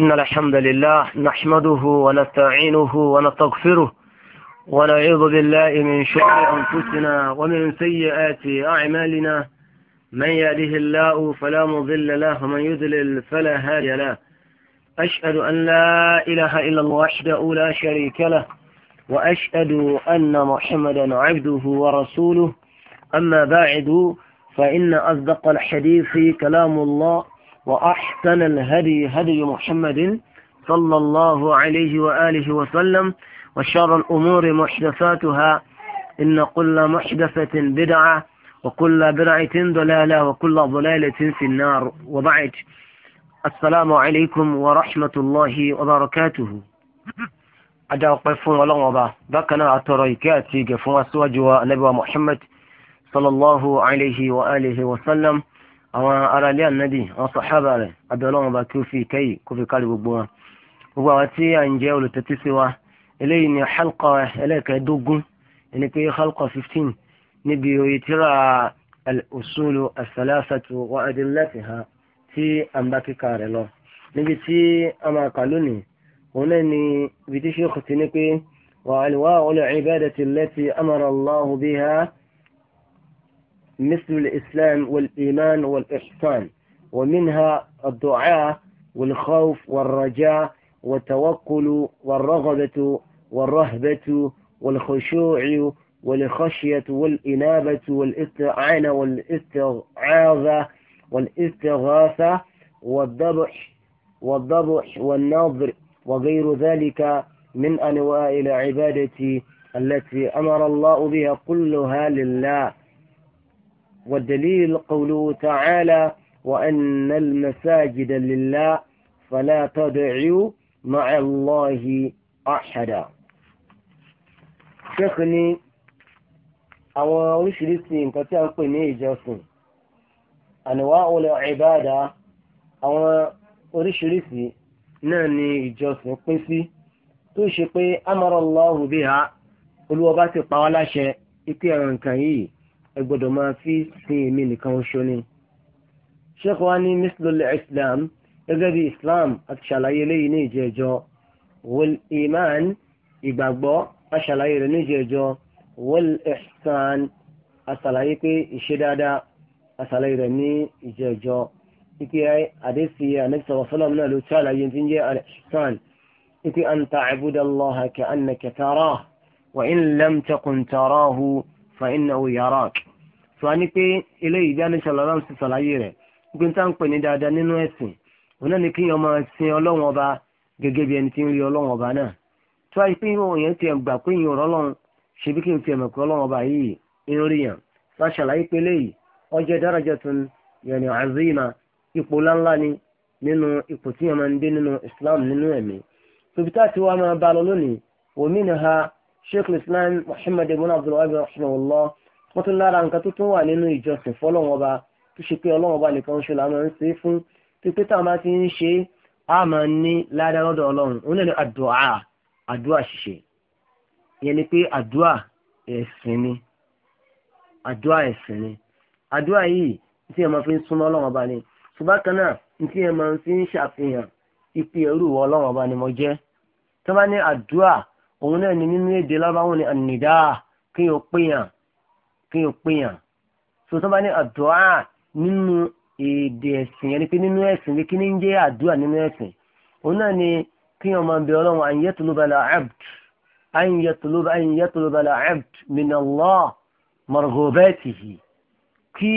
إن الحمد لله نحمده ونستعينه ونستغفره ونعوذ بالله من شر أنفسنا ومن سيئات أعمالنا من يهده الله فلا مضل له ومن يضلل فلا هادي له أشهد أن لا إله إلا الله وحده لا شريك له وأشهد أن محمدا عبده ورسوله أما بعد فإن أصدق الحديث كلام الله وأحسن الهدي هدي محمد صلى الله عليه وآله وسلم وشر الأمور محدثاتها إن كل محدثة بدعة وكل بدعة ضلالة وكل ضلالة في النار وبعد السلام عليكم ورحمة الله وبركاته أدعى فون ولا وضع بكنا أتريكاتي فون أسواجها نبي محمد صلى الله عليه وآله وسلم àwọn ará ilé ànábì àwọn sàhábà rẹ̀ abẹ́ọ́lọ́wọ́n bá kí ó fi ìkẹ́yì kó fi kárí gbogbo wọn. gbogbo àwọn tí à ń jẹ́ olùtẹ́tí sí wa eléyìí ni halqa ẹlẹ́ẹ̀kẹ́dógún ẹni pé halqa fifteen níbi oye tíra al-usulu as-salasatu wa tí à ń bá kíkà rẹ̀ lọ. níbi tí a máa kà lónìí òun náà ni ibi tí ṣe kò ti pé wà á lè wá àwọn ibadati allati amara Allahu biha مثل الإسلام والإيمان والإحسان ومنها الدعاء والخوف والرجاء والتوكل والرغبة والرهبة والخشوع والخشية والإنابة والاستعانة والاستعاذة والاستغاثة والذبح والذبح والنظر وغير ذلك من أنواع العبادة التي أمر الله بها كلها لله والدليل قوله تعالى وأن المساجد لله فلا تدعوا مع الله أحدا Ṣéèkì ní àwọn oríṣiríṣi nǹkan tí a ń pè ní ìjọsìn, àníwá olè ìbáadà, àwọn oríṣiríṣi náà ni ìjọsìn pín sí, tó ṣe pé amara Allahu biha, olúwọba ti pa wá láṣẹ ikú ẹ̀rọ nǹkan yìí ẹ gbọ́dọ̀ máa fi sin èmi nìkan oṣù ni. sheikh wa ní mislul islam gẹ́gẹ́ bí islam àti ṣàlàyé eléyìí ní ìjẹ́jọ́ wal iman ìgbàgbọ́ aṣàlàyé rẹ̀ ní ìjẹ́jọ́ wal ihsan aṣàlàyé pé ìṣe dáadáa aṣàlàyé rẹ̀ ní ìjẹ́jọ́ ike àdéṣe àníṣe ọ̀sọ́lọ́m náà ló ṣàlàyé tí ń jẹ́ al ike an ta'budallaha ka'annaka tarahu wa in lam takun tarahu. fa innahu yarak sọ ni pé eléyìí bí anisọ lọ́rọ́ sì sàlàyé rẹ̀ gbé tá à ń pè ní dáadáa nínú ẹ̀sìn òun náà ni kí ọmọ sin ọlọ́run ọba gẹ́gẹ́ bí ẹni tí ń rí ọlọ́run ọba náà tó àyè pé ìwọ̀n yẹn tiẹ̀ gbà pé ìyẹn ọ̀rọ̀ ọlọ́run ṣe bí kí ipò tí yẹn máa ń Islam nínú tòbítà tí sheikh islam muhammad ibn abdulwahab rahimahullah wọ́n tún lára nǹkan tó tún wà nínú ìjọsìn fọ́lọ́run ọba tó ṣe pé ọlọ́run ọba nìkan ṣe làwọn ń ṣe fún pípé táwọn bá ti ń ṣe á máa ní ládàá lọ́dọ̀ ọlọ́run òun náà ní àdúrà àdúrà ṣíṣe ìyẹn ni pé àdúrà ẹ̀sìn ni àdúrà ẹ̀sìn ni àdúrà yìí tí ẹ máa fi ń súnmọ́ ọlọ́run ọba ni ṣùgbọ́n kan náà tí ẹ máa fi ń òun náà ni nínú èdè lábáwọn ni ànìdá kí o péyàn kí o péyàn so tó bá ní àdúrà nínú èdè ẹ̀sìn yẹn ni pé nínú ẹ̀sìn pé kí ni ń jẹ́ àdúrà nínú ẹ̀sìn òun náà ni kí ọmọ bẹ ọlọ́run an abd an abd min Allah marghubatihi kí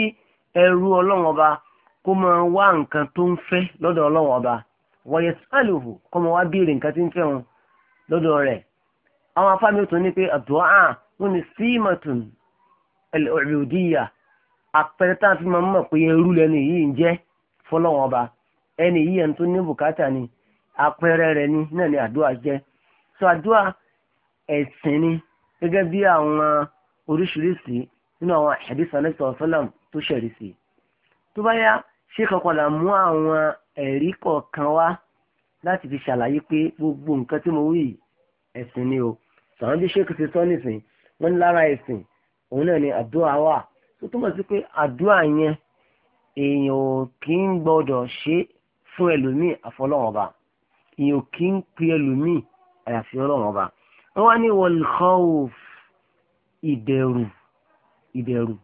ẹrú ọlọ́run ọba kó máa wá nǹkan tó ń fẹ́ lọ́dọ̀ ọlọ́run ọba wa kó máa wá béèrè àwọn afáàmì tún ní pé àdúrà wọn ni símọ̀tún ẹ̀lẹ́ọ̀rẹ́díyà àpẹẹrẹ tá a fi máa ń mọ̀ pé ẹrú lẹ́nu yìí ń jẹ́ fọlọ́wọ́n ọba ẹni yìí ẹni tó ní bùkátà ni àpẹẹrẹ rẹ ni náà ni àdúrà jẹ́ sọ àdúrà ẹ̀sìn ni gẹ́gẹ́ bí àwọn oríṣiríṣi nínú àwọn àdìsọ anẹ́sọ ọ̀sọ́làm tó ṣẹ̀rí sí tó bá yá ṣé kankanlá mú àwọn ẹ̀rí kọ̀ọ̀kan wá láti fi ṣàlàyé pé gbogbo nǹkan tí mo wí yìí ẹ̀sìn ni o sàwọn bí sheik ti sọ nísìn wọn lára ẹ̀sìn òun náà ni àdúrà wà tó túmọ̀ sí pé àdúrà yẹn èèyàn ò kí ń gbọ́dọ̀ ṣe fún ẹlòmíì àfọlọ́wọ́n ọba èèyàn ò kí ń pe ẹlòmíì àyàfi ọlọ́wọ́n ọba wọn wá ní wọlkhawf ìbẹ̀rù ìbẹ̀rù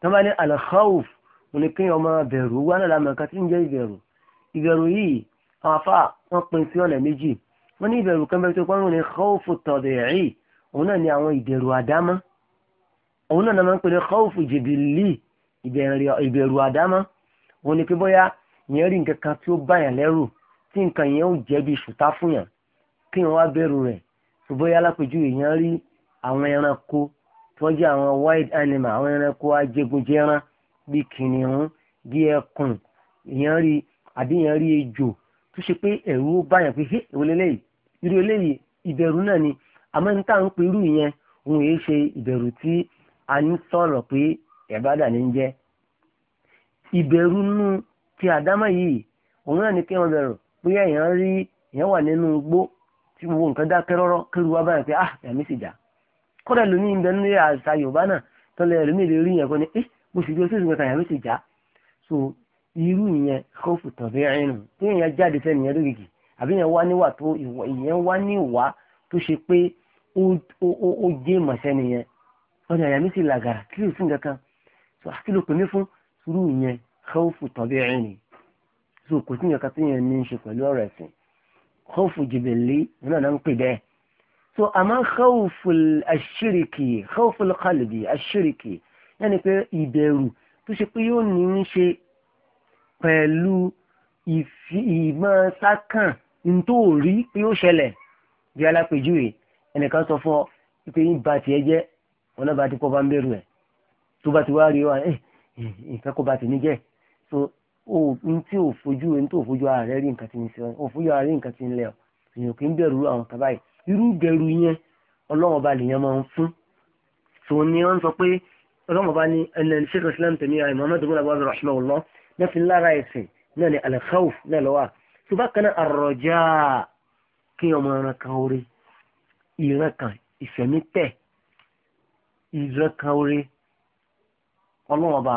tó bá ní alkhawf òní kéèyàn máa bẹ̀rù wọn náà lámọ̀ ẹ̀ka tí ń jẹ́ ìbẹ̀rù ìbẹ̀rù yìí àwọn afá wọn pín sí ọ̀nà méjì wọ́n ní ìbẹ̀rù kan bẹ́ẹ̀ tó pọ́n ní khawfu tabi'i òun náà ni àwọn ìbẹ̀rù àdámọ́ òun náà máa ń pè ní khawfu jibili ìbẹ̀rù àdámọ́ òun ni pé bóyá yẹn rí nǹkan kan tí ó bá yàn lẹ́rù tí nǹkan yẹn ó jẹ́ bí ṣùtá fún yàn kí yẹn wá bẹ̀rù rẹ̀ tó bóyá lápèjúwe yẹn rí àwọn ẹranko tí jẹ́ àwọn wild animal àwọn ẹranko ajẹgunjẹran bíi kìnìún bíi ẹkùn yẹn rí àbí yẹn rí ejò tó ṣe pé ẹ̀rù bá yàn pé hé ìwọlé lẹ́yìn irú eléyìí ìbẹ̀rù náà ni àmọ́ níta ń pe irú ìyẹn òun èé ṣe ìbẹ̀rù tí a ń sọ̀rọ̀ pé ẹ̀bádà ní ń jẹ́ ìbẹ̀rù nú ti àdámọ́ yìí òun náà ni kí wọ́n bẹ̀rù bóyá èèyàn rí èèyàn wà nínú igbó tí gbogbo nǹkan dákẹ́ rọ́rọ́ kéru wá báyìí pé ah ẹ̀mí sì jà kọ́dà lómi ń bẹ nílé àṣà Yorùbá náà tọ́lẹ̀ lómi lè rí yẹn kọ́ ni eh mo sì rí oṣooṣù mẹ́ta ẹ̀mí sì jà so irú ìyẹn kófù tọ̀fẹ́ ẹ̀rín nù tí èèyàn jáde fẹ́ nìyẹn lógìkì àbí yẹn wá níwà tó ìwà ìyẹn wá níwà tó ṣe pé ó jẹ́ ìmọ̀ṣẹ́ nìyẹn ọ̀nà àyàmí sì làgàrà kí ló fún kankan so àti ló pè fún sùúrù yẹn khawfu tabi'i ni so kò sí nǹkan tó yẹn ní í ṣe pẹ̀lú ọ̀rọ̀ ẹ̀sìn khawfu jìbìlì nínú àná ń pè bẹ́ẹ̀ so àmọ́ khawfu ashiriki khawfu qalbi ashiriki yẹn ni pé ìbẹ̀rù tó ṣe pé yóò ní í ṣe pẹ̀lú ìmọ̀ sákàn ntòórí pé ó ṣẹlẹ̀ bí alápèjúwe ẹnìkan sọ fún ọ pé yín ba tiẹ̀ jẹ́ wọn náà bá ti kọ́ bá ń bẹ̀rù ẹ̀ tó bá ti wá rí ọ ẹ eh, eh, nǹkan kó ba tèmi jẹ́ so n tí ò fojú n tó fojú ara rẹ rí nǹkan ti ń sọ ọ fojú ara rí nǹkan ti ń lẹ ọ èèyàn kì í bẹ̀rù àwọn kaba yìí irú bẹ̀rù yẹn ọlọ́wọ́n ba lèèyàn máa ń fún so ni wọ́n sọ pé ọlọ́wọ́n ba ni ẹnlẹ́ sheikh islam tẹ̀mí ayé muhammadu bin abdullahi rahman allah náà fi lára ẹ̀sìn náà ni al-khawf náà lọ́wọ́ tó bá kan náà àrọ̀jà kí ọmọ ẹran kan orí ìran kan ìfẹ̀mí tẹ̀ ìran kan orí ọlọ́wọ́n bá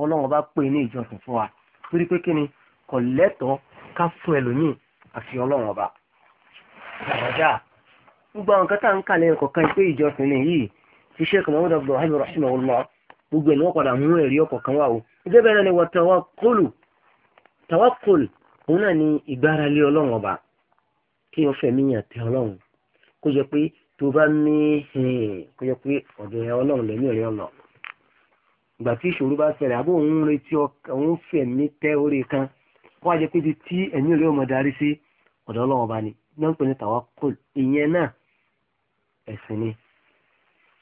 ọlọ́wọ́n bá pè ní ìjọsìn fún wa torí pé kí ni kò lẹ́tọ̀ọ́ ká fún ẹlòmíì àfi ọlọ́wọ́n bá àrọ̀jà gbogbo àwọn ń kọ̀ọ̀kan pé ni yìí ti ṣe kàmọ́ ọ̀dọ̀ bọ̀ ọ̀hìn rọ̀ṣìn ọ̀lọ́ gbogbo ẹ̀ ni wọ́n padà mú ẹ̀rí ọkọ̀ kan òun náà ni ìgbáralé ọlọ́run ọba kí o fẹ̀mí yàn tẹ ọlọ́run kó jẹ pé tó bá ní kó jẹ pé ọ̀dọ̀ ẹ ọlọ́run lẹ́mí ọ̀rẹ́ ọ̀nà ìgbà tí ìṣòro bá ṣẹlẹ̀ àbó òun retí òun fẹ̀mí tẹ orí kan kó wá jẹ pé ibi tí ẹ̀mí ọ̀rẹ́ ọmọ darí sí ọ̀dọ̀ ọlọ́run ọba ni náà ń pè ní tawakkul ìyẹn náà ẹ̀sìn ni.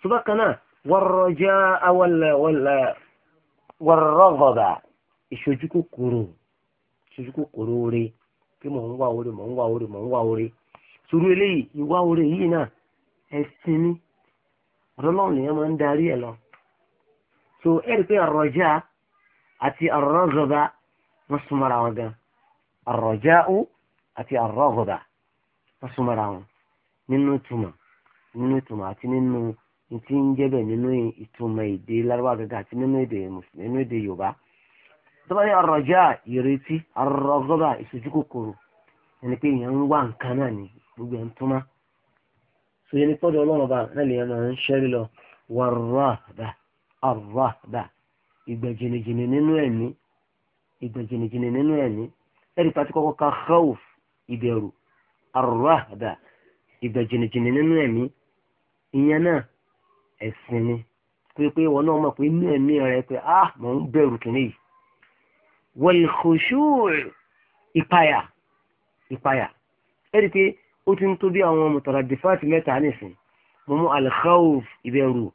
ṣùgbọ́n kan náà warraja awal wal warraghaba ìṣojú kòkòrò sojú kòkòrò oore pé mò ń wá oore mò ń wá oore mò ń wá oore sùúrù eléyìí ìwá oore yìí náà ẹ̀sìn ni ọ̀dọ́lọ́run nìyẹn máa ń darí ẹ̀ lọ. so ẹ̀rí pé àrọ̀já àti àrọ̀rọ̀gọba wọ́n súnmọ́ra wọn gan àrọ̀já ó àti àrọ̀gọba wọ́n súnmọ́ra wọn nínú ìtumọ̀ nínú ìtumọ̀ àti nínú ti ń jẹ́bẹ̀ nínú ìtumọ̀ èdè lárúbáwá gẹ́gẹ́ àti nínú èdè mùsùlùmí nínú èdè yorùbá tọ́ba ní arọ̀já ìrètí arọ̀gọ́bà ìṣojú kòkòrò ẹni pé èèyàn ń wá nǹkan náà ní gbogbo ẹ̀ ń túmá so yẹn ní pọ́dọ̀ ọlọ́run ọba náà lè máa ń ṣẹ́rí lọ wàrọ̀dà àrọ̀dà ìgbà jìnnìjìnnì nínú ẹ̀mí ìgbà jìnnìjìnnì nínú ẹ̀mí ẹ̀rí pàtí kọ́kọ́ ka khawf ìbẹ̀rù àrọ̀dà ìgbà jìnnìjìnnì nínú ẹ̀mí ìyẹn náà ẹ̀sìn ni pé pé wọn náà mọ̀ pé inú ẹ̀mí rẹ pé ah mò ń bẹ̀rù kìnnìyìí wal-khushu' ìpayà ìpayà ẹ̀rí pé ó ti ń tó bí àwọn mutaradifat mẹ́ta nísìn mo mú al-khawf ìbẹ̀rù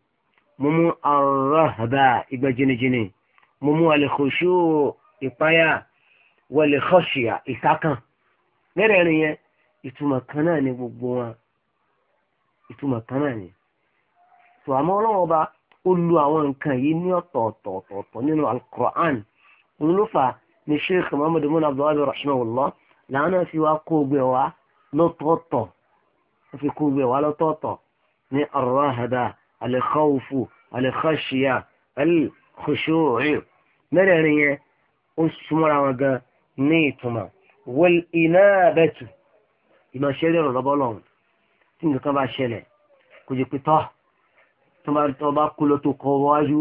mo mú ar-rahba ìgbà jìnnìjìnnì mo mú al-khushu' ìpayà wal-khashya ìsákàn mẹ́rẹ̀ẹ̀rin yẹn ìtumọ̀ kan náà ni gbogbo wọn ìtumọ̀ kan náà ni tó àmọ́ ọlọ́wọ́ bá ó lu àwọn nǹkan yìí ní ọ̀tọ̀ọ̀tọ̀ọ̀tọ̀ nínú al òun ló fà ní sheikh muhammadu muna abdullahi rahimahullah làwọn náà fi wá kó gbé wa lọ́tọ̀ọ̀tọ̀ wọ́n fi kó gbé wa lọ́tọ̀ọ̀tọ̀ ní arahada alikhawfu alikhashiya alikhushu'i mẹ́rẹ̀ẹ̀rin yẹn ó súnmọ́ra wọn gan ní ìtumọ̀ wal inabatu ìmọ̀ṣẹ́rẹ́ ọ̀rọ̀ lọ́bọ́lọ́hún tí nǹkan bá ṣẹlẹ̀ kò jẹ́ pé tọ́ tó bá kú lọ tó wájú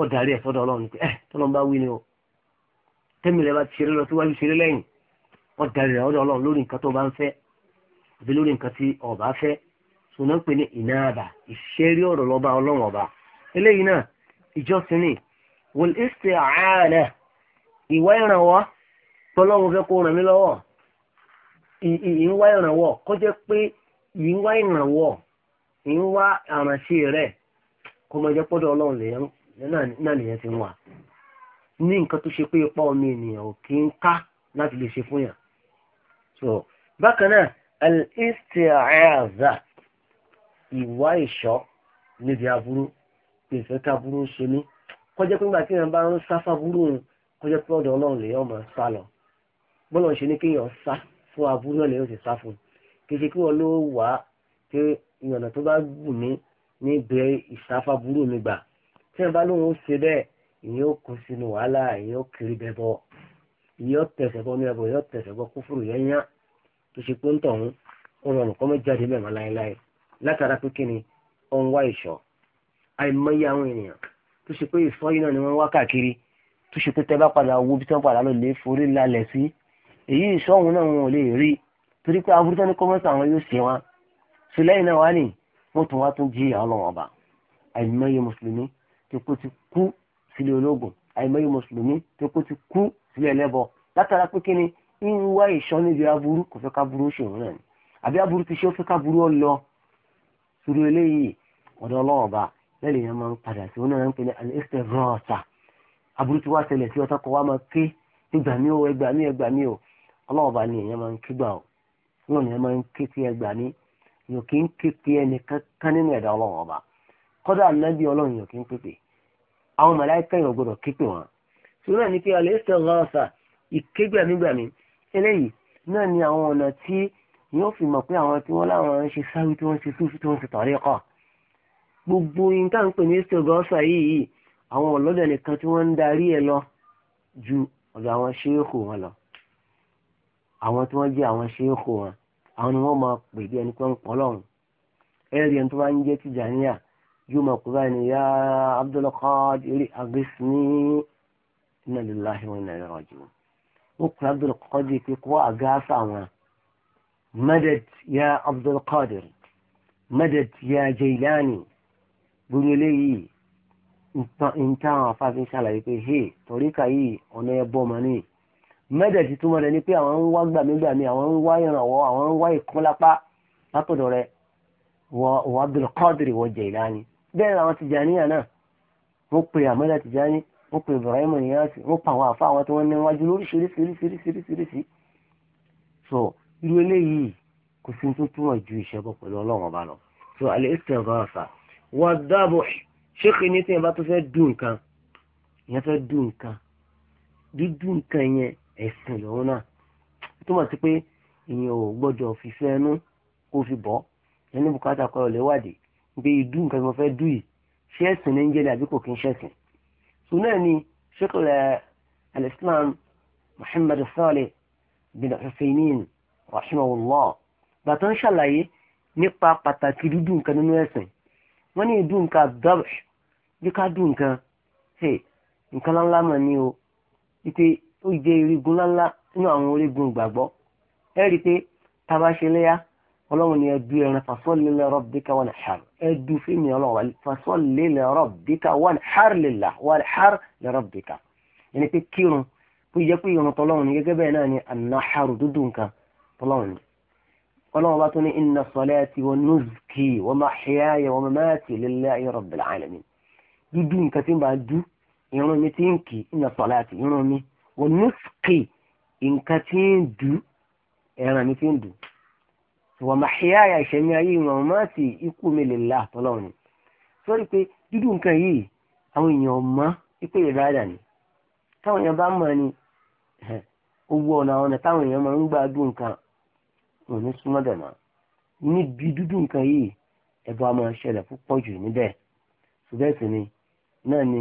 ọ̀dàrí ẹ̀ sọ́dọ̀ ọlọ́run pé ẹ̀ eh, tọ́lọ́n bá wí ni o tẹ́mìlẹ̀ bá ti ṣeré lọ síwájú ṣeré lẹ́yìn ọ̀dàrí ẹ̀ ọ̀dọ̀ ọlọ́run lórí nǹkan tó bá ń fẹ́ àbí lórí nǹkan tí ọ̀bá fẹ́ sùnà pé ní ìnáàbà ìṣẹ́rí ọ̀rọ̀ lọ́ba ọlọ́run ọba eléyìí náà ìjọsìn ni wal isti'ana ìwá ìrànwọ́ tọ́lọ́run fẹ́ kó ràn mí lọ́wọ́ ìwá ìrànwọ́ kó jẹ́ pé ìwá ìrànwọ́ ìwá àrànṣe náà nìyẹn ti ń wà ní nǹkan tó ṣe pé ipa ọmọ ènìyàn ò kí ń ká láti lè ṣe fún so bákan náà al-isti'aza ìwà ìṣọ́ níbi aburú pèsè káburú ṣe mí kọjá pé ńgbà tí èèyàn bá ń sá fáburú òun kọjá pé ọ̀dọ̀ ọlọ́run lèèyàn máa sá lọ bọ́lá ń ṣe ní kéèyàn sá fún aburú náà lèèyàn sì sá fún un kì í ṣe kí wọ́n ló wà á pé ìyànà tó bá gùn mí ní ibẹ̀ ìsáfáburú mi gbà tí wọn bá lóun ó ṣe bẹ́ẹ̀ ìyẹn ó kó sínú wàhálà ìyẹn ó kiri bẹ bọ ìyẹn ó tẹsẹ bọ ní ẹbọ ìyẹn ó tẹsẹ bọ kúfúrú yẹn yá tó ṣe pé ń tọ̀hún ó rọrùn kọ́ mọ́ jáde mẹ́mọ́ láéláé látara pé kí ni ó ń wá ìṣọ́ àìmọye àwọn ènìyàn tó ṣe pé ìfọ́ yìí náà ni wọ́n wá káàkiri tó ṣe pé tẹ́bá padà wo bí tẹ́bá padà lọ lè forí lálẹ̀ sí èyí ìṣọ́ òun náà wọn ò lè tó ti kú sílé ológun àìmọye mùsùlùmí tó ti kú sílé ẹlẹ́bọ látara pé kíni ń wá ìṣọ́ níbi aburú kò fẹ́ ká burú ṣòro náà ni àbí aburú ti ṣe ó fẹ́ ká burú ọ lọ sórí eléyìí ọ̀dọ̀ ọlọ́wọ́ bá yẹn máa ń padà sí onáà ń pè ní alẹ́sẹ̀ rọ́ọ̀tà aburú ti wá ṣẹlẹ̀ sí ọ̀tá kan wá máa ké ìgbà mí o ẹgbà mí ẹgbà mí o ọlọ́wọ́ bá ní èèyàn máa ń ké gbà o wọn ni ẹ máa ń ké pé ẹgbà mí yòókì ń ké pé ẹnì kankan nínú ẹ̀dá ọlọ́wọ́ kọ́dà nábì ọlọ́run yòókì ń pèpè àwọn màláíkà yẹn gbọdọ̀ képe wọn. sùúrù náà ni pé alẹ́ sọ rọ́ọ̀sà ìkégbàmígbàmí eléyìí náà ni àwọn ọ̀nà tí yóò fi mọ̀ pé àwọn tí wọ́n láwọn ń ṣe sáwí tí wọ́n ṣe súfì tí wọ́n ṣe tọ̀ríkọ̀ gbogbo yín tá à ń pè ní sọgọ́sà yìí àwọn ọlọ́dẹ nìkan tí wọ́n ń darí ẹ lọ ju ọ̀dọ̀ àwọn ṣéèkù wọn lọ àwọn tí wọ́n jẹ́ àwọn ṣéèkù wọn àwọn ni wọ́n máa pè bí ẹni pé ń ẹni tó bá ń jẹ́ tìjàníyà yóò máa kú báyìí ni yá Abdul Qadir agbésíní inna lillahi wa inna ilaihi raji'un ó kú Abdul Qadir pé kó àgáàsà wọn madad yá Abdul Qadir madad yá Jailani gbogbo eléyìí nǹkan àwọn afáfin ṣàlàyé pé he tọ́ríkà yìí ọ̀nà ẹbọ ọmọ ní mẹ́dẹ̀ẹ̀tì túmọ̀ rẹ̀ ni pé àwọn ń wá gbàmígbàmí àwọn ń wá ìrànwọ́ àwọn ń wá ìkúnlápá látọ̀dọ̀ rẹ̀ wọ Abdul wọ Jailani bẹ́ẹ̀ làwọn Tìjàníyà náà wọ́n pe Ahmada Tìjàní wọ́n pe Ibrahim Niyasi wọ́n pa àwọn àfa àwọn tí wọ́n ní wájú lóríṣiríṣiríṣiríṣiríṣi so irú eléyìí kò sí tó túmọ̀ ju ìṣẹ́bọ pẹ̀lú ọlọ́run ọba lọ so al-istighatha wa dhabh ṣéèkì ní tí yẹn bá tó fẹ́ dùn nǹkan yẹn fẹ́ dùn nǹkan dídùn nǹkan yẹn ẹ̀sìn lòun náà túmọ̀ sí pé ìyẹn ò gbọ́dọ̀ fífẹ́ ẹnu kó fi bọ́ ẹni bùkátà kọ́ ọ gbé ìdú nǹkan tí mo fẹ́ dú yìí ṣé ẹ̀sìn ní ń jẹ́lẹ̀ àbí kò kí ń ṣẹ̀sìn. sùn náà ni sheikh al-islam muhammad salih bin husaynin rahimahullah bàtà ń ṣàlàyé nípa pàtàkì dúdú nǹkan nínú ẹ̀sìn wọ́n ní ìdú nǹkan dábì bí ká dú nǹkan nǹkan láńlá mà ní o wípé ó jẹ́ irigun láńlá nínú àwọn orígun ìgbàgbọ́ ẹ rí i pé tá a bá ṣe léyà ọlọ́run ni ẹdú ẹran fasọ́lì li rabbika wanhar ẹdú fíìmù ọlọ́run fasọ́lì li rabbika wanhar lillah wanhar li rabbika ẹni pé kírun kó yẹ pé irun tọ́lọ́run ni gẹ́gẹ́ bẹ́ẹ̀ náà ni ànáhàrù dúdú nǹkan tọ́lọ́run ni ọlọ́run bá tún ní inna salati wa nuzuki wa mahyaya wa mamati lillahi rabbil alamin dúdú nǹkan tí ń bá dú irun ti ń kì dú ẹran wa mahyaya ìṣẹ̀mí ayé wa mamati ikú mi lillah tọ́lọ́run sọ́rí pé dúdú nǹkan yìí àwọn èèyàn mọ́ ipò ìbáradà ni táwọn èèyàn bá mọ̀ ni owó ọ̀nà ọ̀nà táwọn èèyàn máa ń gbà dùn nǹkan wọn ní súnmọ́ dẹ̀mọ́ níbi dúdú nǹkan yìí ẹ̀bọ a máa ṣẹlẹ̀ púpọ̀ jù níbẹ̀ ṣùgbọ́n ni náà ni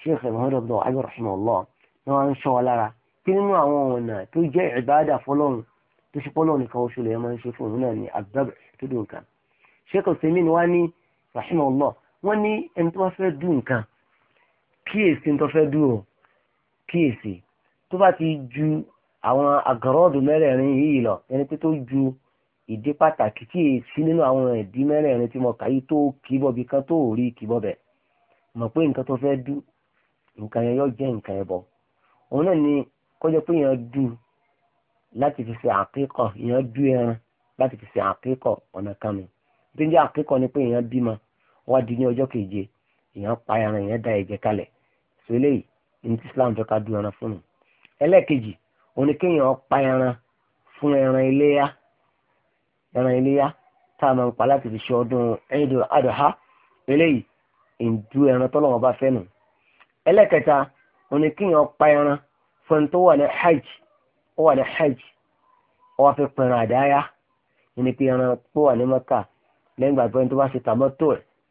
sheikh muhammed abdul abiy rahman allah náà ń ṣọ́ wa lára kí nínú àwọn ọ̀nà tó jẹ́ ìbáradà fọlọ́run tó ṣe pọ́lọ́ nìkan oṣù lè máa ń ṣe fún òun náà ní àgbàbẹ̀ tó dùn nǹkan sheikh osemin wá ní rahimahullah wọ́n ní ẹni tó bá fẹ́ dùn nǹkan kíyèsí tó fẹ́ dùn o kíyèsí tó bá ti ju àwọn àgọ́rọ́ọ̀dù mẹ́rẹ̀ẹ̀rin yìí lọ ẹni pé tó ju ìdí pàtàkì tí èsì nínú àwọn ìdí mẹ́rẹ̀ẹ̀rin tí mo kà yí tó kì kan tó rí kì mọ̀ pé nǹkan tó fẹ́ dùn nǹkan yẹn yọ jẹ́ nǹkan ẹbọ òun náà ni kọjá pé yẹn dùn láti fi ṣe àkíkọ̀ èèyàn dú ẹran láti fi ṣe àkíkọ̀ ọ̀nà kan tí ń jẹ́ àkíkọ̀ ni pé èèyàn bímọ wá di ní ọjọ́ keje èèyàn pa ẹran èèyàn da ẹ̀jẹ̀ kalẹ̀ so eléyìí ní ti Islam fẹ́ ká ẹran fún un ẹlẹ́ẹ̀kejì òun ni kéèyàn pa ẹran fún ẹran ẹran tá a máa ń pa láti fi ṣe ọdún àdùhá eléyìí ìdú ẹran bá fẹ́ nù ẹlẹ́ẹ̀kẹta òun ni kéèyàn pa ẹran fún ẹni tó wà ní ó wà ní hajj ó wá fẹ́ pẹ̀ràn àdáyá ní pé ẹran pọ̀ wà ní mọ́kà lẹ́yìn ìgbà pẹ́ẹ́n tó bá ṣe tàmọ́tò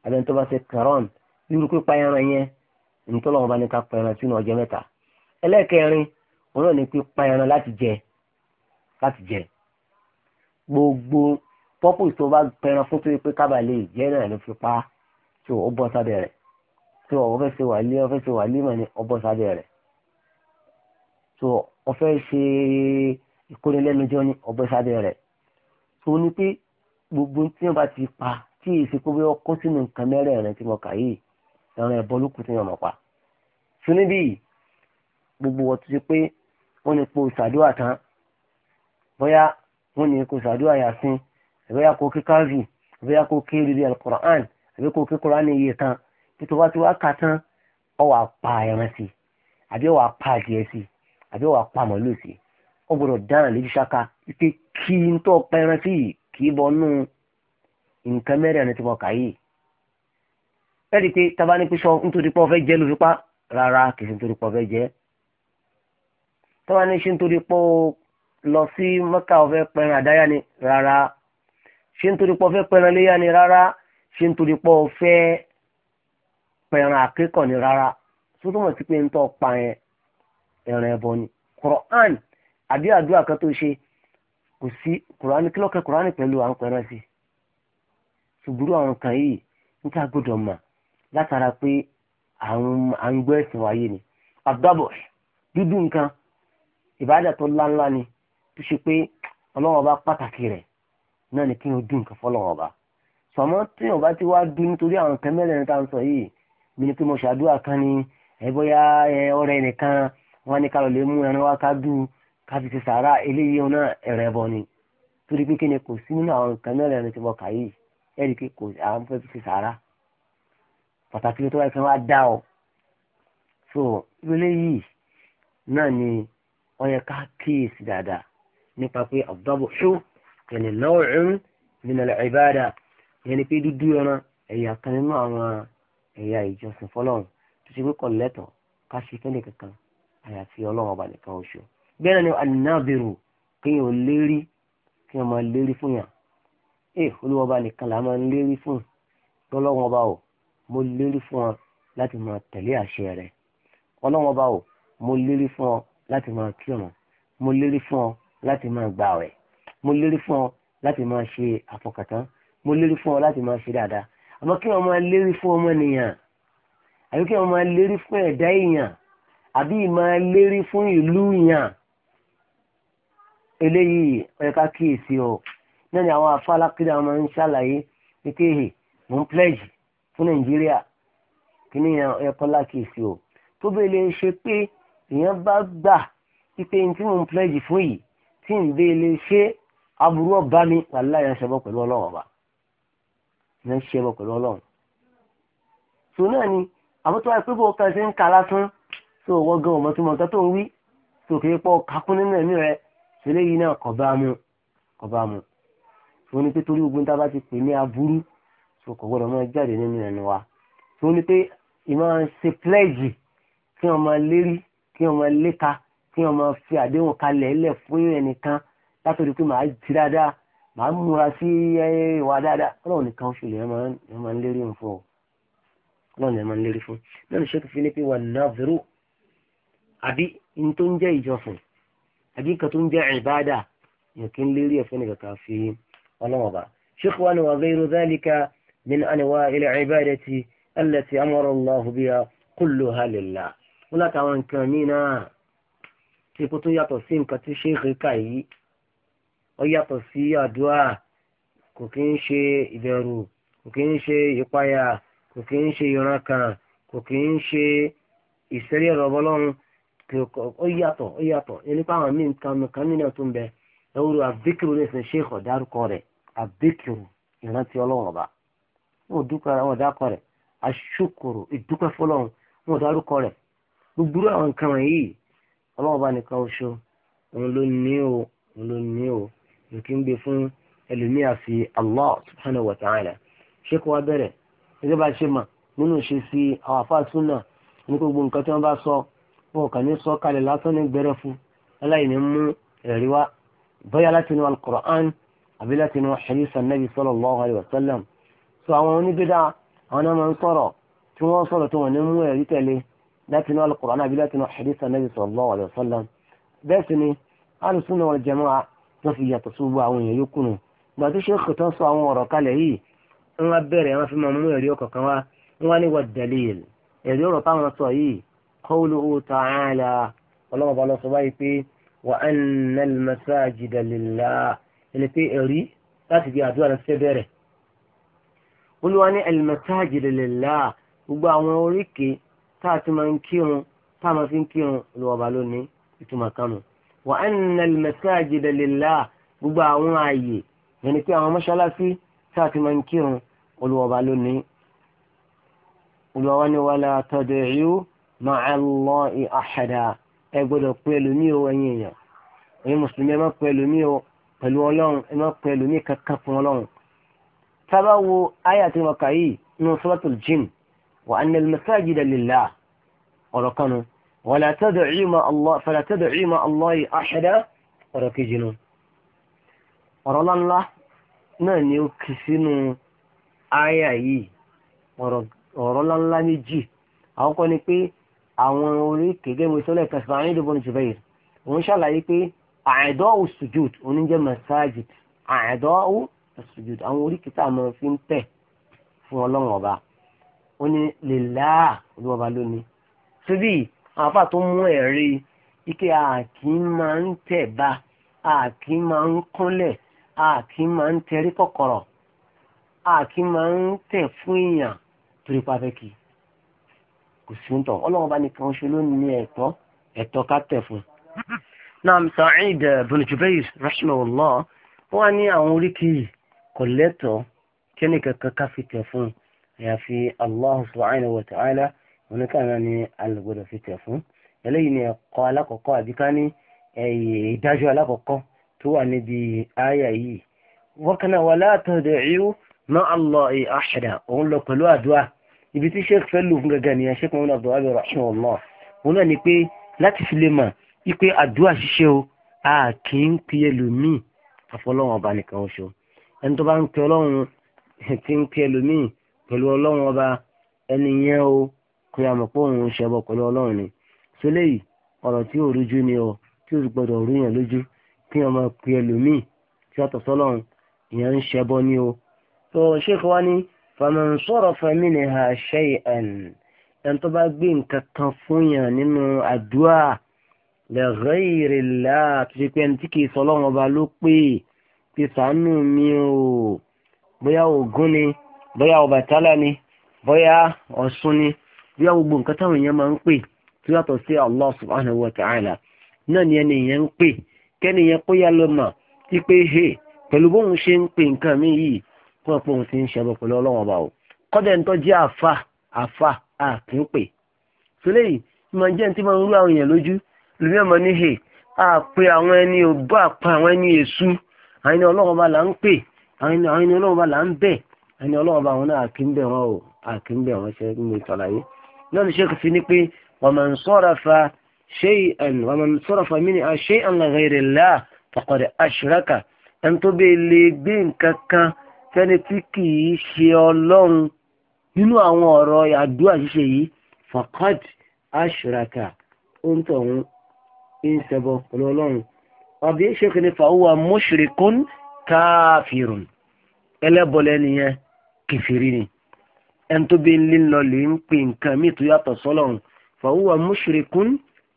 àbẹ́ tó bá ṣe kẹrọ́n irú pípa ẹran yẹn nítorí wọn bá ní ká pẹ̀ràn sínú ọjọ́ mẹ́ta ẹlẹ́ẹ̀kẹrin òun náà ní pípa ẹran láti jẹ láti jẹ gbogbo pọ́pù tó bá pẹran fún tó yẹ pé kábà lè jẹ́ náà ló fi pa tó ó bọ́ sábẹ́ rẹ̀ tó ọ fẹ́ ṣe wàlí ọ fẹ́ ṣe wàlí mọ̀ ní ọ bọ́ sábẹ́ rẹ̀ so ọfẹ́ ṣe ìkónilẹ́nujọ́ ní ọbẹ̀ sábẹ́ rẹ̀ so ní pé gbogbo tí wọ́n bá ti pa tí èsì pé wọ́n kó sínú nǹkan mẹ́rẹ̀ẹ̀rin tí mo kà yìí ẹran ẹ̀bọ ló kù tí wọ́n mọ̀ pa so níbí gbogbo wọ́n ti ṣe pé wọ́n ní po ṣàdúrà tán bóyá wọ́n ní kó ṣàdúrà yàsín bóyá kó kí káàvì bóyá kó kí rírí alukur'an àbí kó kí kur'an iye tán títí wá tí wọ́n kà tán ó wá ẹran sí àbí ó wá adìẹ sí àbí wàá pa ọ gbọ́dọ̀ dáràn lójú ṣáká pé kí n tó pẹran sí yìí kì í nǹkan mẹ́rin ẹ rí i pé tábà ní písọ nítorí pé ọfẹ lórí pa rárá kì í ṣe nítorí pé ọfẹ jẹ lọ sí àdáyà ni rárá ṣe nítorí ni rárá ṣe nítorí ni rárá tó túmọ̀ sí pé ń tọ́ ẹran ẹbọ ni quran àbí àdúrà kan tó ṣe kò sí quran kí lọ́kẹ́ quran pẹ̀lú à ń pẹ̀rẹ́ sí ṣùgbọ́n àwọn kan yìí ń tá gbọ́dọ̀ mà látara pé ni àbábọ̀ dúdú nǹkan ìbáàdà tó láńlá ni tó ṣe pé ọlọ́run ọba pàtàkì rẹ̀ náà ni kí n dún nǹkan fọlọ́run sọmọ tí ti wá wọ́n ní kálọ̀ lè mú ẹran wá ká dú ká fi ṣe sàárà eléyìí ọ̀nà ẹ̀rẹ̀ bọ̀ ni torí pé kíni kò sí nínú àwọn nǹkan mẹ́rin ẹni tí mo kà yìí ẹ̀rí pé kò àwọn fẹ́ fi ṣe sàárà pàtàkì tó wáyé kí wọ́n á dá ọ. so eléyìí náà ni wọ́n yẹ ká kíyèsí dáadáa nípa pé ọ̀dọ́bù ṣó yẹn ni pé ẹ̀yà kan nínú àwọn ẹ̀yà ìjọsìn fọlọ́run tó ṣe pé kọ̀ lẹ́tọ̀ọ́ ká ṣe fẹ́lẹ̀ kankan àyàfi ọlọ́run ọba nìkan oṣù bẹ́ẹ̀ náà ni anábìrù kéèyàn lérí kéèyàn máa lérí fún yàn ẹ eh, olúwa ọba nìkan là máa ń lérí fún ọlọ́run ọba o mo lérí fún ọ láti máa tẹ̀lé àṣẹ rẹ ọlọ́run ọba o mo lérí fún ọ láti máa kírun mo lérí fún ọ láti máa gbààwẹ̀ mo lérí fún ọ láti máa ṣe àfọkàtán mo lérí fún ọ láti máa ṣe dáadáa àmọ́ kí máa lérí fún ọmọ nìyàn àbí kí máa lérí fún ẹ̀dá èèyàn àbí ìmọ̀ lérí fún ìlú yàn eléyìí ẹ̀ka kíyèsí o náà ni àwọn afálákìdá máa ń ṣàlàyé wípé èhè mò ń pledge fún nàìjíríà kìíní ẹ̀kọ́ lákìyèsí o tó bẹ́ẹ̀ lè ṣe pé èèyàn bá gbà wípé n tí mò ń pledge fún yìí tí n bẹ́ẹ̀ lè ṣe aburú ọba mi wàláyà ń ṣẹbọ pẹ̀lú ọlọ́run ọba ń ṣẹbọ pẹ̀lú ọlọ́run. sùn náà ni àbótọ́ àìpébò kan ṣe ń kà lásán so wọ́n gan ọmọ tó mọ nǹkan tó ń wí so kì í pọ̀ kakún nínú ẹ̀mí rẹ ṣẹlẹ̀ yìí náà kò bá mu kò bá mu so ní pé torí gbogbo níta bá ti pè ní aburú so kò gbọdọ̀ máa jáde nínú ẹnu wa so ní pé ìmọ̀ ṣe pledge kí wọ́n máa lérí kí wọ́n máa léka kí wọ́n máa fi àdéhùn kalẹ̀ lẹ̀ fún ẹnìkan látòrí pé màá jí dáadáa màá múra sí ìwà dáadáa ọlọ́run nìkan oṣù lè máa ń lérí fún ọ ọlọ́run nìkan máa ń fi ní pé wà náà àbí n tó ń jẹ́ ìjọsìn àbí nǹkan tó ń jẹ́ ìbáàdà yóò kí n lérí ẹ̀fẹ́ nìkan kan fi ọlọ́wọ́ bá. شيخ وأنا وغير ذلك من أنواع العبادة التي أمر الله بها كلها لله ولا تعوان كامينا تيكوتو ياتو سيم كاتو شيخ كاي وياتو سي أدواء كوكين شي إبرو كوكين شي يقايا كوكين شي يراكا كوكين شي إسري ربالون ó yàtọ̀ ó yàtọ̀ ẹni pé àwọn míì kanu kanu náà tún bẹ ẹwúrò àbíkìrù ní ìsìn ṣéèkọ̀ dárúkọ rẹ̀ àbíkìrù ìrántí ọlọ́run ọba wọn dúpẹ́ wọn dákọ rẹ̀ aṣókòrò ìdúpẹ́ fọlọ́run wọn dárúkọ rẹ̀ gbogbo àwọn nǹkan wọ̀nyí ọlọ́run ọba nìkan oṣù òun ló ní o òun ló ní o nǹkí ń gbé fún ẹlòmíà fi Allah subhanahu wa ta'ala ṣéèkọ̀ wa bẹ̀rẹ̀ gẹ́gẹ́ bá ṣe mọ̀ nínú ìṣesí àwọn àfáà súnà ní gbogbo nǹkan tí wọ́n wọn kàn ní sọ́kalẹ̀ lásán ní gbẹrẹfu aláì ní mú ẹ̀rí wá bóyá láti inú alukur'an àbí láti inú hadith anabi sallallahu alayhi wa sallam so àwọn oníbídà àwọn náà máa ń sọ̀rọ̀ tí wọ́n sọ̀rọ̀ tí wọ́n ní mú ẹ̀rí tẹ̀lé láti inú alukur'an àbí láti inú hadith anabi sallallahu alayhi wa sallam bẹ́ẹ̀ sì ni alùsùnà wal jama'a wọ́n fi yàtọ̀ sóbú àwọn èèyàn yókù nù gbà ṣe kìtọ́ sọ àwọn ọ̀rọ̀ kalẹ̀ yìí wọ́n bẹ̀rẹ̀ wọ́n fi máa mú ẹ̀rí ọkọ̀ kan wá wọ́n wá ní wà ẹ̀rí ọ̀rọ̀ táwọn sọ yìí قوله تعالى ولما قال صبايبي وأن المساجد لله اللي في إري تاتي أدوان السبرة قلوا أن المساجد لله وبا موريكي تاتي من كيرو تاما فين كيرو لو بالوني ìtumọ̀ kanu wa anna al-masajida lillah gbogbo àwọn ààyè yẹn pé àwọn mọ́ṣáláṣí sáà ti máa ń kírun olùwọ̀ba lónìí olùwọ̀wá ni ma'a Allahi ahada ẹ gbọ́dọ̀ pé ẹlòmíì o ẹ̀yin èèyàn ẹ̀yin mùsùlùmí ẹ má pé ẹlòmíì o pẹ̀lú ọlọ́run ẹ má pé ẹlòmíì kankan fún ọlọ́run. sábà wo àyà tí wọn kà yìí nínú suratul jinn wa anna al-masajida lillah ọ̀rọ̀ kanu wala tad'u ma'a Allah fala tad'u ma'a Allahi ahada ọ̀rọ̀ kejì nu. ọ̀rọ̀ ńláńlá náà ni ó kì sínú àyà yìí ọ̀rọ̀ ńláńlá méjì àwọn ni pé àwọn orí kéde mo sọlẹ̀ kan sọ̀rọ̀ àyìn ìdìbò ní Jubair òun ṣàlàyé pé àìdọ́ ò sùjúd oníjẹ́ masajid àìdọ́ ò sùjúd àwọn orí kìtà máa fi ń tẹ̀ fún ọlọ́run ọba ó ní lèlá olúwọba lónìí síbí àáfà tó mú ẹ̀rí ike àkì máa ń tẹ̀ bá àkì máa ń kúnlẹ̀ àkì máa ń tẹrí kọ̀kọ̀rọ̀ àkì máa ń tẹ̀ fún èèyàn torí pàfẹ́kì kò sí ń tàn ọlọ́run bá nìkan ṣe ló ní ẹ̀tọ́ ẹ̀tọ́ ká tẹ̀ fún. naam Sa'id bin Jubayr rahimahullah wọn ní àwọn oríkì kò lẹ́tọ̀ọ́ kẹ́ni kankan ká fi tẹ̀ fún àyàfi Allah subhanahu wa ta'ala oníkànnà ni alùgbọ́dọ̀ fi tẹ̀ fún. eléyìí ni ẹ̀kọ́ alákọ̀ọ́kọ́ àbíká ní ìdájọ́ alákọ̀ọ́kọ́ tó wà níbi àyà yìí. wọ́n kan náà wala tad'u ma'a Allahi ahada òun lọ pẹ̀lú àdúrà ibi tí sheikh fẹ́ lò fún gẹ́gẹ́ ni sheikh muhammed abdulwahab rahimahullah òun náà ni pé láti fi lè mọ̀ ipe àdúrà ṣíṣe o a kì í pe ẹlòmíì àfọlọ́wọn ọba nìkan oṣù ẹni tó bá ń pe ọlọ́run ti ń pe ẹlòmíì pẹ̀lú ọlọ́run ọba ẹni yẹn o kò yà mọ̀ pé òun ṣe ọbọ̀ pẹ̀lú ọlọ́run ni sọlẹ́yìí ọ̀rọ̀ tí ò rújú ni o tí ò gbọdọ̀ rú yàn lójú kí ọmọ pe ẹlòmíì tí wọ́n tọ̀ sọ́lọ́run ìyẹn ń ṣẹbọ ni o. tó sheikh wa ní faman sarafa minha shay'an ẹni tó bá gbé nǹkan kan fún yàn nínú àdúrà li ghayri Allah tó ṣe pé ẹni tí kìí sọlọ́run ọba ló pè pé sàánú mi o bóyá Ògún ni bóyá Ọbàtálá ni bóyá Ọ̀ṣun ni bóyá gbogbo nǹkan táwọn èèyàn máa ń pè tó yàtọ̀ sí Allah subhanahu wa ta'ala náà ni ẹni yẹn ń pè kẹ́ni yẹn kó yá lọ mọ̀ tí pé hey pẹ̀lú bóun ṣe ń pè nǹkan mi yìí kó o ń ṣe pẹ̀lú ọlọ́wọ́n ọba o kọ́dẹ̀ ń tọ́ jẹ́ àfa àfa àkínpè sílẹ̀ yìí máa jẹ́ ní tí máa ń rú àwọn èèyàn lójú ọmọ ní àpè àwọn ẹni àpè àwọn ẹni èṣù àwọn ẹni ọlọ́wọ́n là ń pè àwọn ẹni ọlọ́wọ́n là ń bẹ̀ àwọn ẹni ọlọ́wọ́n náà wọn o wọn ṣe ń fi pé fa fẹ́ni tí kì í ṣe ọlọ́run nínú àwọn ọ̀rọ̀ àdúrà ṣíṣe yìí faqad ashraka ń tọ̀hún ń ṣẹbọ pẹ̀lú ọlọ́run ọ̀bí ṣèkì ni fàáwà mushrikun káfírùn ẹlẹ́bọ̀lẹ́ nìyẹn kìfìrí ni ẹni tó bí ń lọ lè ń pè nǹkan míì tó yàtọ̀ sọ́lọ́run fàáwà mushrikun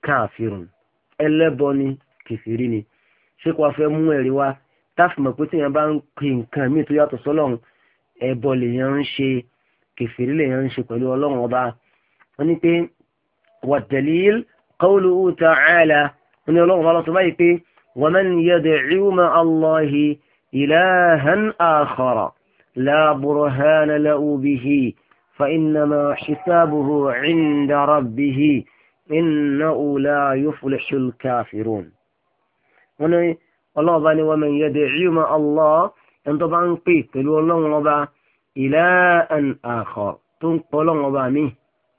káfírùn ẹlẹ́bọ ni kìfìrí ni ṣé kò wá fẹ́ mú ẹ̀rí wá táàfì mọ̀ pé tí èèyàn bá ń pe nǹkan míì tó yàtọ̀ sọ́lọ́run ẹbọ lèèyàn ń ṣe kẹfìrí lèèyàn ń ṣe pẹ̀lú ọlọ́run ọba wọn ni pé wà dalil qawluhu ta'ala wọn ni ọlọ́run ọba lọ́tọ̀ báyìí pé wa man yad'u ma'a Allahi ilahan akhara la burhana lahu bihi fa innama hisabuhu 'inda rabbihi innahu la yuflihul wọn ni ọlọ́run bá ní wa man yad'u ma'a Allah ẹni tó bá ń pè pẹ̀lú ọlọ́run ọba ilahan akhar tó ń pọ̀ ọlọ́run ọba mi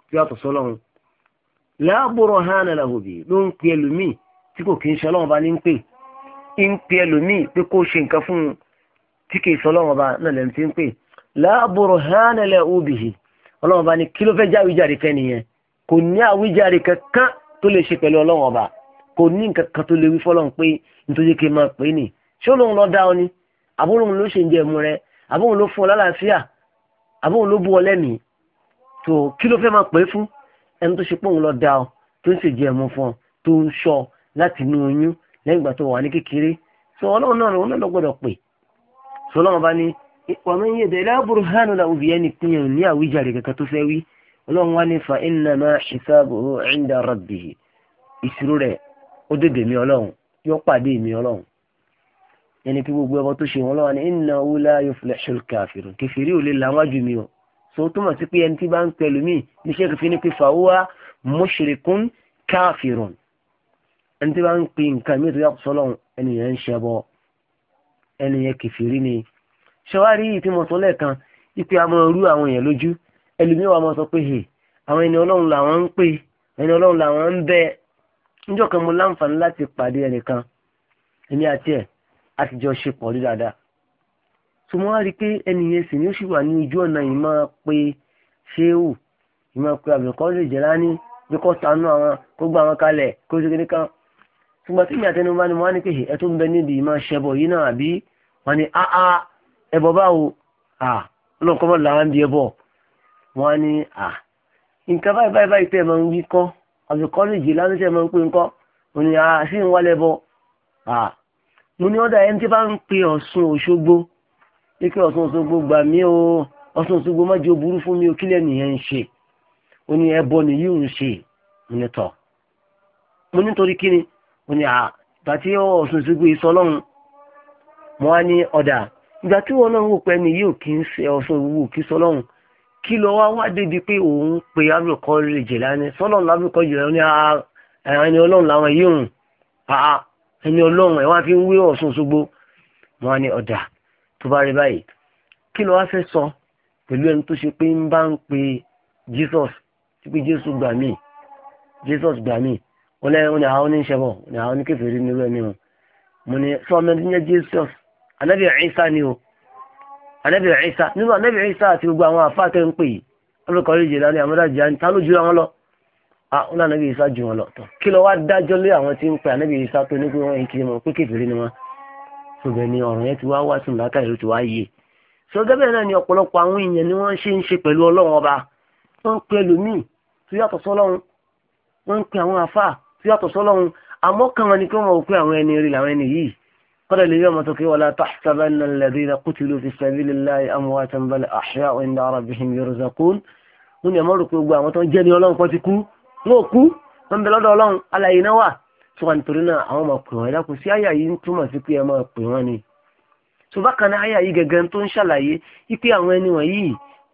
tí yàtọ̀ sọlọ́run la burhana lahu bi ló ń pè ẹlòmíì tí kò kí ń ṣe ọlọ́run ọba ní ń pè ń pè ẹlòmíì pé kó ṣe nǹkan fún un tí kì í sọ ọlọ́run ọba náà lẹ́nu tí ń pè la burhana lahu ọlọ́run ọba ní kí ló fẹ́ jáwéjáde kẹ́ nìyẹn kò ní àwíjàre kankan tó lè ṣe pẹ̀lú ọlọ́run ọba kò ní nǹkan kan tó lè wí fọlọ́n pé nítorí kí n máa pè é nì ṣé lọ dá ọ ni àbúrò ló ṣe ń jẹ ẹmu rẹ àbúrò ló fún ọ lálàáfíà àbúrò ló bú ọ lẹ́mìí tó kí ló fẹ́ máa pè é fún ẹni tó ṣe pé òun lọ dá ọ tó ń ẹmu fún ọ tó ń láti inú oyún lẹ́yìn ìgbà tó wà ní kékeré sọ ọlọ́run náà gbọ́dọ̀ pè sọ ọlọ́run ní ó dèdè mi ọlọ́run yóò pàdé mi ọlọ́run ẹni pé gbogbo ẹbọ tó ṣe wọn lọ́wọ́ ni innahu la yuflihul kafirun kẹfìrí ò lè làwájú mi o so túmọ̀ sí pé ẹni tí bá ń pẹ̀lú mi níṣẹ́ kẹfì ni pé fahuwa mushrikun kafirun ẹni tí bá ń pe nǹkan mi tó yàtọ̀ sọ́lọ́run ẹni yẹn ń ṣẹbọ ẹni yẹn kẹfìrí ni ṣọwárí yìí lẹ́ẹ̀kan ipe àmọ́ rú àwọn èèyàn lójú ẹlòmíràn wa máa sọ pé àwọn ẹni ọlọ́run làwọn ń pè ẹni ọlọ́run làwọn ń bẹ níjọ́ kan mo láǹfààní láti pàdé ẹnìkan èmi àti ẹ̀ a ti jọ ṣe pọ̀ rí dáadáa so mo wá rí i pé ẹni yẹn sì ni ó sì wà ní ojú ọ̀nà yìí máa pe ṣéwù yìí máa pe àbẹ̀kọ́ lè jẹ́ lání bí kò tanú àwọn kó gbà wọn kalẹ̀ kó ṣe kíní kan ṣùgbọ́n tí mi àti ẹni bá ní mo wá ní pé ẹ tó ń bẹ níbi ìmọ̀ ṣẹbọ yìí náà àbí wọn ni áá ẹbọ báwo à bọ́ làwọn ń bí ẹbọ wọn ni nǹkan báyìí báyìí báyìí tẹ́ ẹ máa ń wí kọ́ àbíkọ́lì jìlá ní sẹ́mi ń pè ńkọ́ òní àṣì ń wálẹ̀ bọ̀ mo ní ọ̀dà ẹni tí bá ń pe ọ̀ṣun òṣogbo ike ọ̀ṣun òṣogbo gbà mí o ọ̀ṣun òṣogbo má jẹ́ burú fún mi o kílẹ̀ nìyẹn ń ṣe ó ní nìyí ń ṣe nìtọ̀ mo nítorí kíni ó ní àgbà tí ọ̀ṣun òṣogbo ìsọ lọ́run mo wá ní ọ̀dà ìgbà tí wọn náà wò pé nìyí ò kí ń ṣe ọ̀ṣun òwò kí sọ lọ́run kí lọ wá wá débi pé òun pe abdulkọ lè jèlá ni sọlọ ní abdulkọ jèlá ni ẹni ọlọ́run làwọn yìí hùn àá ẹni ọlọ́run ẹ wá fi ń wé Ọ̀ṣun Òṣogbo wọn á ní ọ̀dà tó bá rí báyìí kí lọ wá fẹ́ sọ pẹ̀lú ẹni tó ṣe pé ń bá ń pe Jesus pé Jésù gbà mí Jesus gbà mí wọn lẹ́yìn wọn ni àwọn oníṣẹ́bọ̀ ni àwọn oníkẹfẹ́ rí nírú ẹni wọn mo ní sọ́ọ́mẹ́ntì ń jẹ́ Jesus anábìyàn Ìsá ni o anabi isa nínú anabi isa àti gbogbo àwọn afáàtẹ ń pè yìí olùkọ́ orí ìjìlá ni àmọ́dá jìlá ni ta ló ju àwọn lọ ah ní anabi isa ju wọn lọ tán kí ló wá dájọ́ lé àwọn tí ń pè anabi isa tó ní pé wọ́n ń kiri mọ́ pé kékeré ni wọ́n ṣùgbọ́n ni ọ̀rọ̀ yẹn ti wá wá sí ìlàkà ìlú ti wá yé sọ gẹ́gẹ́ náà ni ọ̀pọ̀lọpọ̀ àwọn èèyàn ni wọ́n ṣe ń ṣe pẹ̀lú ọlọ́run ọba wọ́n ń pè lómìn قال اليوم تكي ولا تحسبن الذين قتلوا في سبيل الله أمواتا بل أحياء عند ربهم يرزقون wọ́n ní ẹ̀mọ́ rò pé gbogbo àwọn tó ń jẹ́ ní ọlọ́run kan ti kú wọ́n ò kú wọ́n bẹ lọ́dọ̀ ọlọ́run alàyè náà wà tí wọ́n nítorí náà àwọn ọmọ pè wọ́n ẹ̀dákun sí àyà yìí ń túmọ̀ sí pé ẹ máa pè wọ́n ni. tó bá kan náà àyà yìí gẹ́gẹ́ tó ń ṣàlàyé wípé àwọn ẹni wọ̀nyí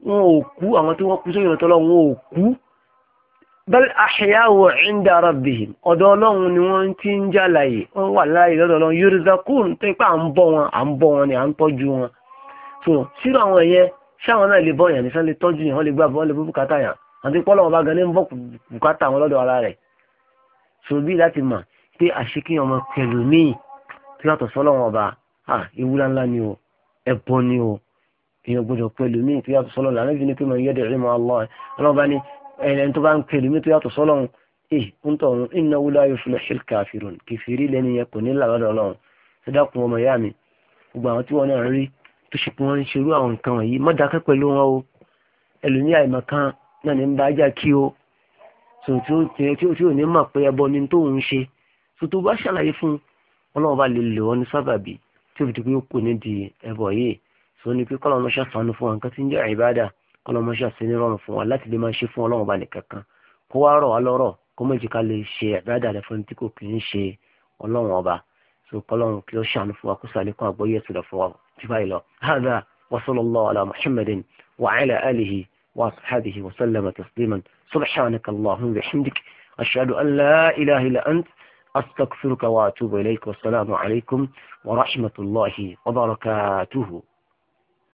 wọn ò kú àwọn tí wọ́n kú sóyún ọ̀tọ̀ lọ́wọ́ wọn ò kú bal ahyawu inda rabbihim ọ̀dọ̀ ọlọ́run ni wọ́n ti ń jàlàyé wọ́n wà láàyè lọ́dọ̀ ọlọ́run yurzaqun tó ipá à ń bọ́ wọn à ń bọ́ wọn ni à ń tọ́jú wọn so sírò àwọn ẹ̀yẹ sáwọn náà lè bọ́ yẹn nìkan lè tọ́jú yẹn wọ́n lè gbà wọ́n lè bú bùkátà yẹn àti pọ́lọ́ wọn bá gan ní ń bọ́ bùkátà wọn lọ́dọ̀ ara rẹ̀ so bí láti mọ̀ pé àṣekí ọmọ pẹ̀lú míì tí yàtọ̀ sọ́lọ́wọ́n ọba à ewúrẹ́ ńlá ni o ẹ̀bọ ni o èèyàn gbọdọ̀ pẹ̀lú míì tí yàtọ̀ sọ́lọ́wọ́n lànà ìbí ni ẹ̀rẹ̀ tó bá ń pè lómi tó yàtọ̀ sọ́lọ́run eh ń tọ̀ ọ̀run iná wúlá yóò fi lọ́ṣẹ̀ kàfìrún kìfìrí lẹ́ni yẹn kò ní làlọ́dọ̀ ọlọ́run tó dákun ọmọ ìyá mi gbogbo àwọn tí wọ́n náà rí tó ṣe pé wọ́n ń ṣerú àwọn nǹkan wọ̀nyí má dákẹ́ pẹ̀lú wọn o ẹlòmí àìmọ̀kan náà ní ń bá ajá kí o tí ò ní mọ̀ pé ẹbọ ni tó ń ṣe tó tó bá ṣàlàyé fún ọlọ́run bá lè lò kọlọmọ ṣàṣẹ nírọ̀rùn fún wa láti lè máa ṣe fún ọlọ́run ọba nìkan kan kó wá rọ̀ wá lọ́rọ̀ kó má jẹ́ ká lè ṣe àdáàdà rẹ̀ fún tí kò kì í ṣe ọlọ́run ọba tó kọlọ́run kí ó ṣàánú fún wa kó sàlékún àgbọ́yé ẹ̀sùn rẹ̀ fún wa tí báyìí lọ. hada wa sallallahu ala muhammadin wa ala alihi wa ashabihi wa sallama tasliman subhanaka allahumma wa bihamdik ashhadu an la ilaha illa ant astaghfiruka wa atubu ilayk wa assalamu alaykum wa rahmatullahi wa barakatuhu.